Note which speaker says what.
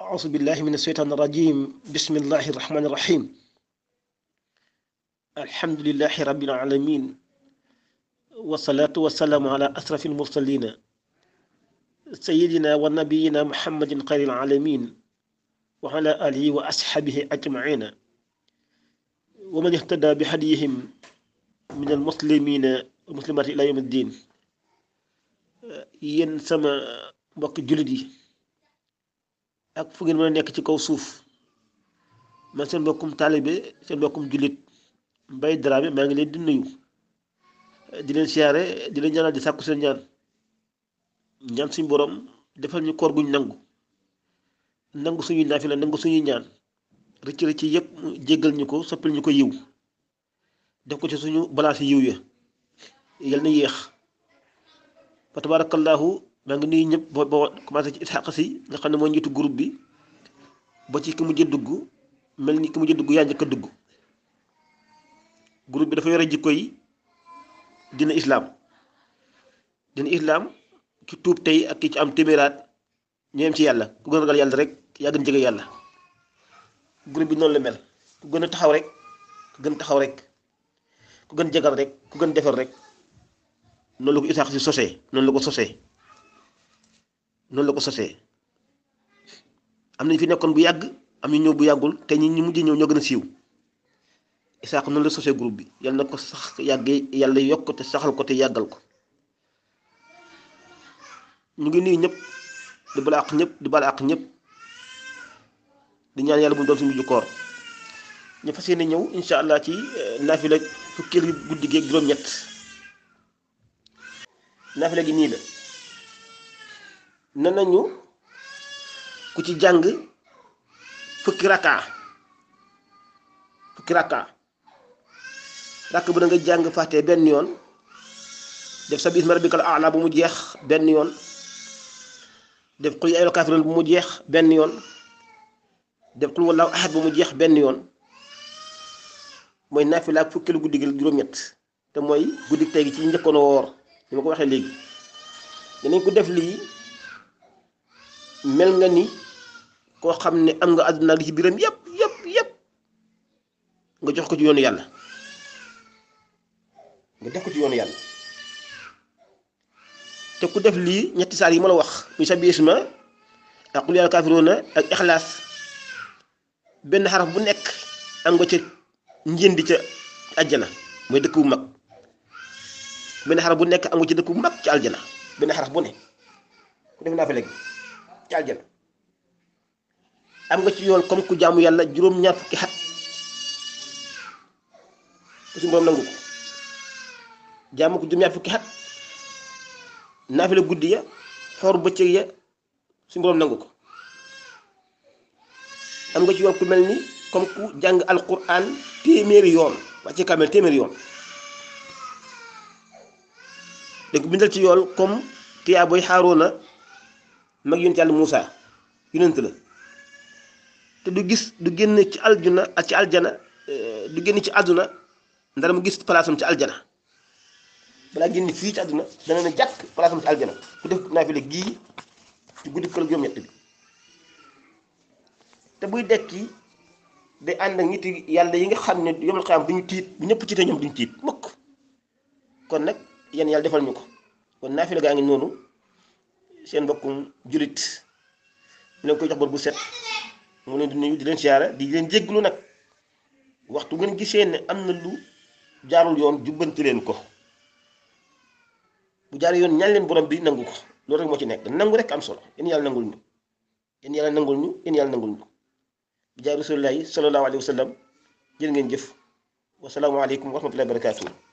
Speaker 1: أعوذ بالله من الشيطان الرجيم بسم الله الرحمن الرحيم الحمد لله رب العالمين والصلاة والسلام على أشرف المرسلين سيدنا ونبينا محمد خير العالمين وعلى آله وأصحابه أجمعين ومن اهتدى بهديهم من المسلمين والمسلمات إلى يوم الدين ين سما بك جلدي ak fu ngeen mën nekk ci kaw suuf man seen mbokkum taalibe seen mbokkum jullit Mbaye Dramé maa ngi leen di nuyu di leen siyaare di leen ñaanal di sàkku seen ñaan ñaan suñu boroom defal ñu koor guñ nangu nangu suñuy naafila nangu suñuy ñaan rëcc rëcc yëpp jéggal ñu ko soppil ñu ko yiw def ko ci suñu balance yiw ya yal na yéex fa tabaarakallaahu maa ngi nuyu ñëpp boo boo commencé ci Isxaq si nga xam ne moo njiitu groupe bi ba ci ki mujj dugg mel ni ki mujj dugg yaa njëkk a dugg group bi dafa yore jikko yi dina islaam dina islaam ci tuub tey ak ki ci am téeméeraat ñu yem ci yàlla ku gën a ragal yàlla rek yaa gën jege yàlla groupe bi noonu la mel ku gën a taxaw rek ku gën taxaw rek ku gën jegal rek ku gën defar rek noonu la ko Isxaq si sosee noonu la ko sosee. noonu la ko sosee am nañu fi nekkoon bu yàgg am ñu ñëw bu yàggul te ñi ñu mujj ñëw ñoo gën a siiw Isaaq noonu la sosee groupe bi yàlla na ko sax yàggee yàlla yokk te saxal ko te yàggal ko ñu ngi nii ñëpp di bala àq ñëpp di bala àq ñëpp di ñaan yàlla bu doon suñu mujj koor ñu fas yéene ñëw incha allah ci eh, naafila fukki guddi gi ak juróom-ñett naafila gi nii la. ne nañu ku ci jàng fukki rakka fukki rakka rakk bu na jàng fàtte benn yoon def sa bismi rabbikal a'la bu mu jeex benn yoon def qul bu mu jeex benn yoon def qul huwallaahu ahad bu mu jeex benn yoon mooy naafila ak fukkeelu guddi juróom-ñett te mooy guddi tey gi ci njëkkoon woor ni ko waxee léegi dinañ ko def lii mel nga ni koo xam ne am nga àdduna li ci biram yépp yëpp yëpp nga jox ko ci yoonu yàlla nga def ko ci yoonu yàlla te ku def lii ñetti saar yi ma la wax muy sabbihi isma ak qul yaa kaafiruuna ak ixlaas benn xaraf bu nekk am nga ca njëndi ca àjjana mooy dëkk bu mag benn xaraf bu nekk am nga ca dëkk bu mag ci àjjana benn xaraf bu ne ku def naa fa léegi ci am nga ci yoon comme ku jaamu yàlla juróom-ñaar fukki xat te suñu borom nangu ko jaamu ko guddi ya xoor bëccëg ya suñu borom nangu ko am nga ci yoon ku mel ni comme ku jàng alquran téeméeri yoon wàcce kaamel téeméeri yoon dégg bindal ci yool comme tiyaa booy xaaroo na mag yonent yàlla Moussa yonent la te du gis du génn ci aljuna ak ci aljana euh, du génn ci àdduna ndara mu gis palaasam ci aljana balaa génn fii ci àdduna dana ne jàkk palaasam ci aljana ku def naafile gii ci guddi kër juróom-ñett bi te buy dekki day ànd ak nit yàlla yi nga xam ne yomal xaam ñu tiit bu ñëpp ci te ñoom duñu tiit mukk kon nag yéen yàlla defal ñu ko kon naafile gaa ngi noonu seen mbokkum julit dinañ koy jox bor bu set mu leen di nuyu di leen siyaara di leen jégglu nag waxtu ngeen gisee ne am na lu jaarul yoon jubbanti leen ko bu jaar yoon ñaan leen borom bi nangu ko loolu rek moo ci nekk nangu rek am solo yéen yàlla nangul ñu yéen yàlla nangul ñu yéen yàlla nangul ñu bi jaay rasulillahi sallallahu alayhi wa ngeen jëf wasalaamualeykum wa rahmatullahi wa